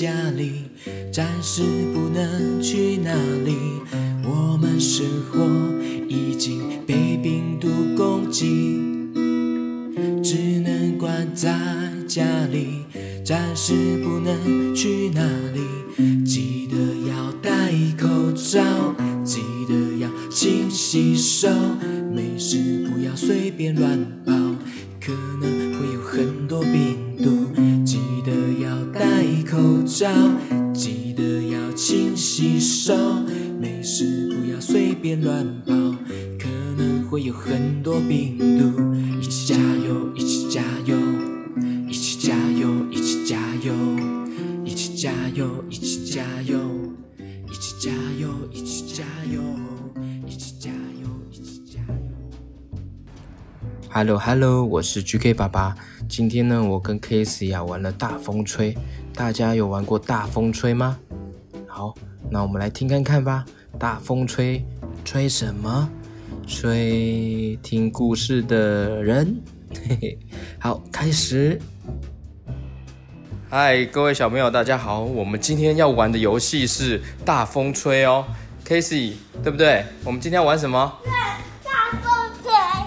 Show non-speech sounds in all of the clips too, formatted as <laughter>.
家裡暫時不能去哪裡，我們生活已經被病毒攻擊，只能關在家裡，暫時不能去哪裡。記得要戴口罩，記得要勤洗手。Hello Hello，我是 GK 爸爸。今天呢，我跟 Casey 啊，玩了大風吹。大家有玩過大風吹嗎？好，那我們來聽看看吧。大風吹，吹什麼？吹聽故事的人，嘿嘿，好，開始。嗨，各位小朋友，大家好。我們今天要玩的遊戲是大風吹哦，Casey，對不對？我們今天要玩什麼？對，大風吹。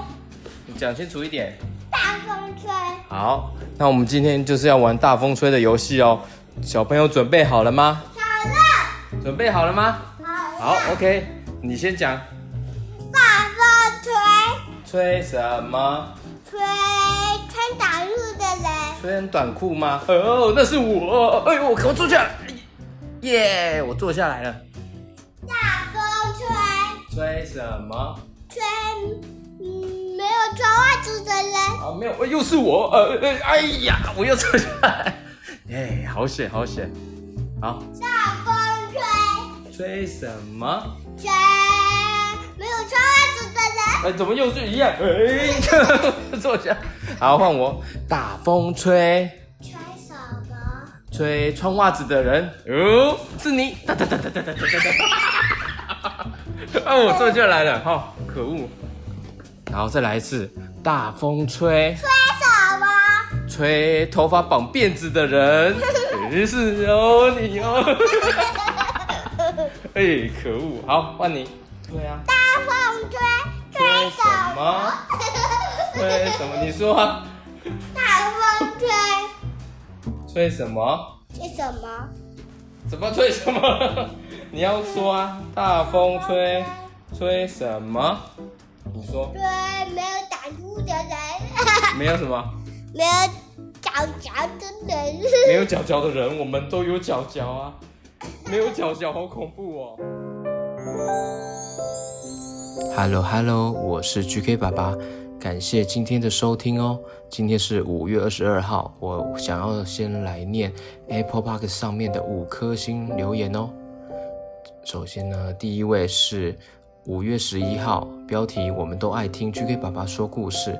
你講清楚一點。大風吹。好，那我們今天就是要玩大風吹的遊戲哦。小朋友準備好了嗎？好了。準備好了嗎？好了。好。好，OK，你先講。吹吹什麼？吹穿短褲的人。穿短褲嗎？哦，那是我。哎呦，我靠我坐下來耶，坐 yeah, 我坐下來了。大風吹吹什麼？吹嗯沒有穿襪子的人。啊，沒有，又是我。呃呃、哎呀，我又坐下來。哎、yeah,，好險，好險，好。大風吹吹什麼？吹沒有穿襪子的。哎，怎麼又是一樣哎？哎，坐下。好，換我。大風吹，吹什麼？吹穿襪子的人哦，吹吹吹吹吹。哦，是你。噠噠噠噠噠噠噠噠。哦，我坐下來了。好，可惡。然後再來一次。大風吹，吹什麼？吹頭髮綁辮子的人。是哦，你哦。 <laughs> 哎，可惡。好，換你。對啊。大風吹。吹什麼？吹什麼？你說啊。大風吹。吹什麼？吹什麼？怎麼吹什麼？你要說啊！大風吹，吹什，吹什麼？你說。對，沒有腳腳的人。沒有什麼？沒有腳腳的人。沒有腳腳的人，我們都有腳腳啊！沒有腳腳，好恐怖哦。Hello Hello，我是 GK 爸爸，感謝今天的收聽哦。今天是五月二十二號，我想要先來念 Apple Park 上面的五顆星留言哦。首先呢，第一位是五月十一號，標題我們都愛聽 GK 爸爸說故事，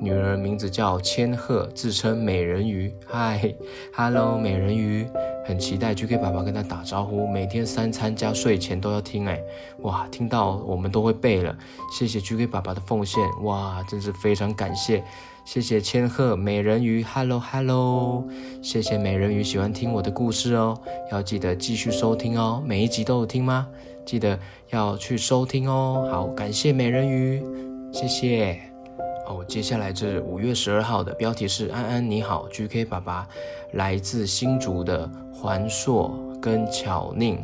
女兒名字叫千鶴，自稱美人魚。Hi Hello，美人魚。很期待 GK 爸爸跟他打招呼，每天三餐加睡前都要聽哎，哇，聽到我們都會背了，謝謝 GK 爸爸的奉獻，哇，真是非常感謝，謝謝千鶴美人魚，Hello，Hello，謝謝美人魚喜歡聽我的故事哦，要記得繼續收聽哦，每一集都有聽嗎？記得要去收聽哦，好，感謝美人魚，謝謝。哦，接下來這五月十二號的，標題是“安安你好 ”，GK 爸爸來自新竹的環碩跟巧寧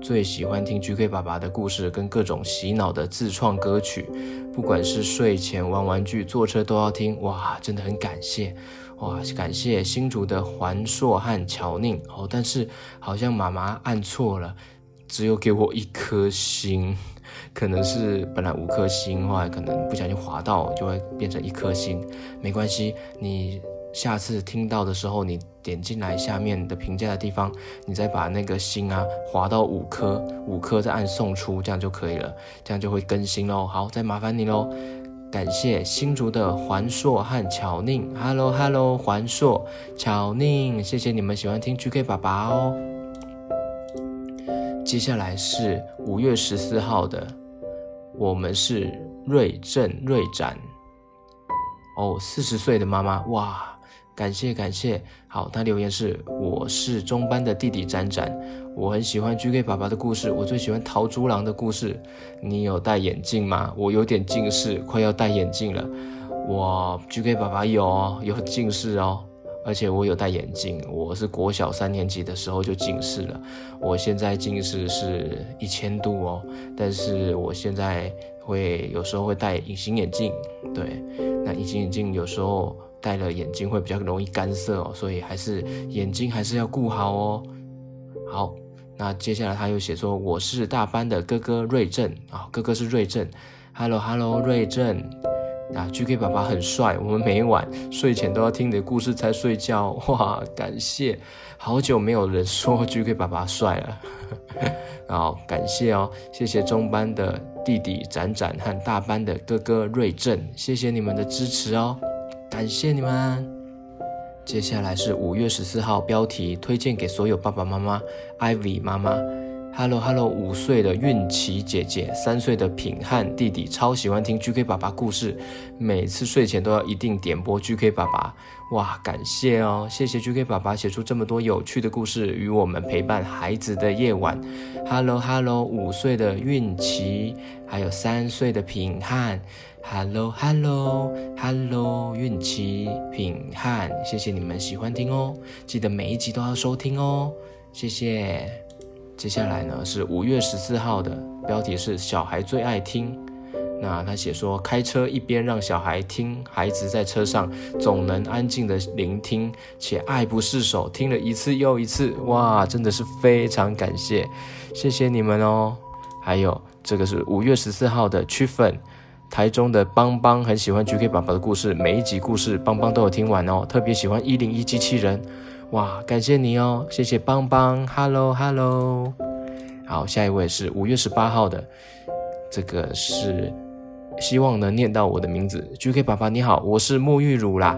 最喜歡聽 GK 爸爸的故事跟各種洗腦的自創歌曲，不管是睡前玩玩具、坐車都要聽，哇，真的很感謝，哇，感謝新竹的環碩和巧寧。哦，但是好像媽媽按錯了，只有給我一顆星。可能是本來五顆星的話，後來可能不小心滑到，就會變成一顆星。沒關係，你下次聽到的時候，你點進來下面的評價的地方，你再把那個星啊滑到五顆，五顆再按送出，這樣就可以了。這樣就會更新嘍。好，再麻煩你嘍，感謝新竹的環碩和巧寧。Hello Hello，環碩、巧寧，謝謝你們喜歡聽 GK 爸爸哦。接下來是五月十四號的，我們是瑞正瑞展，哦，四十歲的媽媽，哇，感謝感謝，好，他留言是，我是中班的弟弟展展，我很喜歡 GK 爸爸的故事，我最喜歡逃豬狼的故事，你有戴眼鏡嗎？我有點近視，快要戴眼鏡了，我 GK 爸爸有、哦、有近視哦。而且我有戴眼鏡，我是國小三年級的時候就近視了，我現在近視是一千度哦。但是我現在會有時候會戴隱形眼鏡，對，那隱形眼鏡有時候戴了眼睛會比較容易乾澀哦，所以還是眼睛還是要顧好哦。好，那接下來他又寫說我是大班的哥哥瑞正啊、哦，哥哥是瑞正，Hello Hello，瑞正。啊，GK 爸爸很帥，我們每一晚睡前都要聽你的故事才睡覺。哇，感謝，好久沒有人說 GK 爸爸帥了。 <laughs> 好，感謝哦，謝謝中班的弟弟展展和大班的哥哥瑞正，謝謝你們的支持哦，感謝你們。接下來是五月十四號標題推薦給所有爸爸媽媽，Ivy 媽媽。Hello，Hello，五 hello, 歲的運奇姐姐，三歲的品漢弟弟超喜歡聽 GK 爸爸故事，每次睡前都要一定點播 GK 爸爸。哇，感謝哦，謝謝 GK 爸爸寫出這麼多有趣的故事，與我們陪伴孩子的夜晚。Hello，Hello，五 hello, 歲的運奇，還有三歲的品漢。Hello，Hello，Hello，運奇品漢，謝謝你們喜歡聽哦，記得每一集都要收聽哦，謝謝。接下來呢是五月十四號的，標題是“小孩最愛聽”。那他寫說，開車一邊讓小孩聽，孩子在車上總能安靜的聆聽，且愛不釋手，聽了一次又一次。哇，真的是非常感謝，謝謝你們哦。還有這個是五月十四號的區粉，台中的邦邦很喜歡 GK 爸爸的故事，每一集故事邦邦都有聽完哦，特別喜歡一零一機器人。哇，感謝你哦，謝謝邦邦，Hello Hello，好，下一位是五月十八號的，這個是，希望能念到我的名字。GK 爸爸你好，我是沐浴乳啦。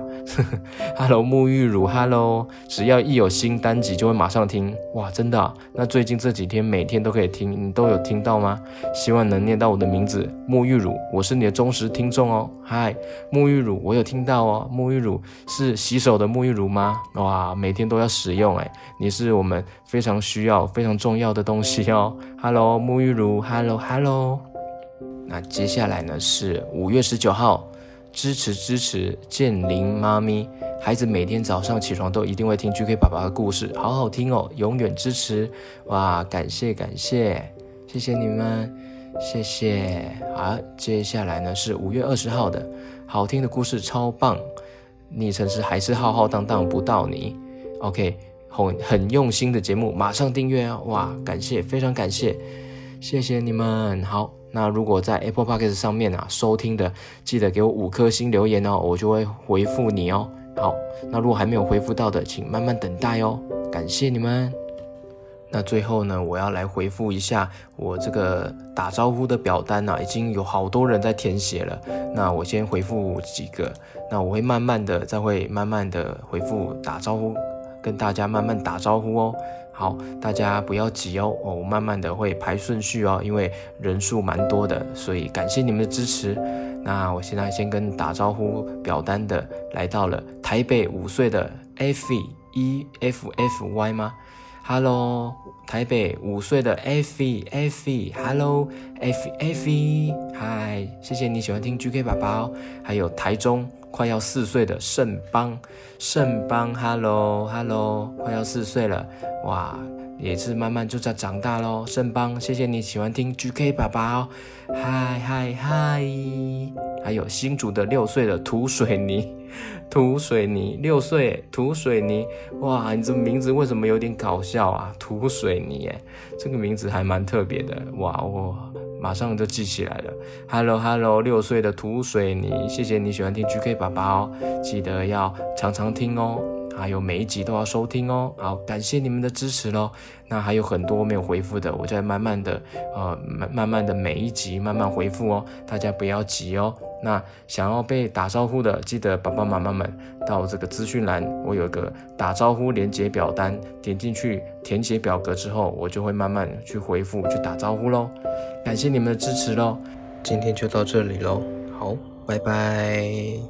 哈囉，沐浴乳，哈囉。只要一有新單集就會馬上聽，哇，真的啊，那最近這幾天每天都可以聽，你都有聽到嗎？希望能念到我的名字，沐浴乳，我是你的忠實聽眾哦。嗨，沐浴乳，我有聽到哦，沐浴乳是洗手的沐浴乳嗎？哇，每天都要使用，哎，你是我們非常需要、非常重要的東西哦。哈囉，沐浴乳，哈囉，哈囉。那接下來呢，是五月十九號。支持支持，建靈媽咪，孩子每天早上起床都一定會聽 GK 爸爸的故事，好好聽哦，永遠支持。哇，感謝感謝，謝謝你們，謝謝。好，接下來呢是五月二十號的，好聽的故事，超棒。你城市還是浩浩蕩蕩不到你。OK，很很用心的節目，馬上訂閱哦，啊！哇，感謝，非常感謝。謝謝你們，好，那如果在 Apple Podcast 上面啊收聽的，記得給我五顆星留言哦，我就會回復你哦。好，那如果還沒有回復到的，請慢慢等待哦。感謝你們。那最後呢，我要來回復一下我這個打招呼的表單啊，已經有好多人在填寫了。那我先回復幾個，那我會慢慢的再會慢慢的回復打招呼，跟大家慢慢打招呼哦。好，大家不要急哦，我慢慢的會排順序哦，因為人數蠻多的，所以感謝你們的支持。那我現在先跟打招呼表單的來到了台北五歲的 F E F F Y 嗎？哈嘍台北五歲的艾菲艾菲，Hello，艾菲艾菲，嗨，謝謝你喜歡聽 GK 寶寶。還有台中快要四歲的盛邦，盛邦，哈嘍哈嘍快要四歲了，哇。也是慢慢就在長大嘍，聖邦，謝謝你喜歡聽 GK 爸爸哦，嗨嗨嗨，還有新竹的六歲的土水泥，土水泥，六歲土水泥，哇，你這名字為什麼有點搞笑啊？土水泥耶，這個名字還蠻特別的，哇哦，我馬上就記起來了，Hello Hello，六歲的土水泥，謝謝你喜歡聽 GK 爸爸哦，記得要常常聽哦。還有每一集都要收聽哦，好，感謝你們的支持嘍。那還有很多沒有回復的，我再慢慢的，呃，慢慢的每一集慢慢回復哦，大家不要急哦。那想要被打招呼的，記得爸爸媽媽們到這個資訊欄，我有個打招呼連接表單，點進去填寫表格之後，我就會慢慢去回復去打招呼嘍。感謝你們的支持嘍，今天就到這裡嘍，好，拜拜。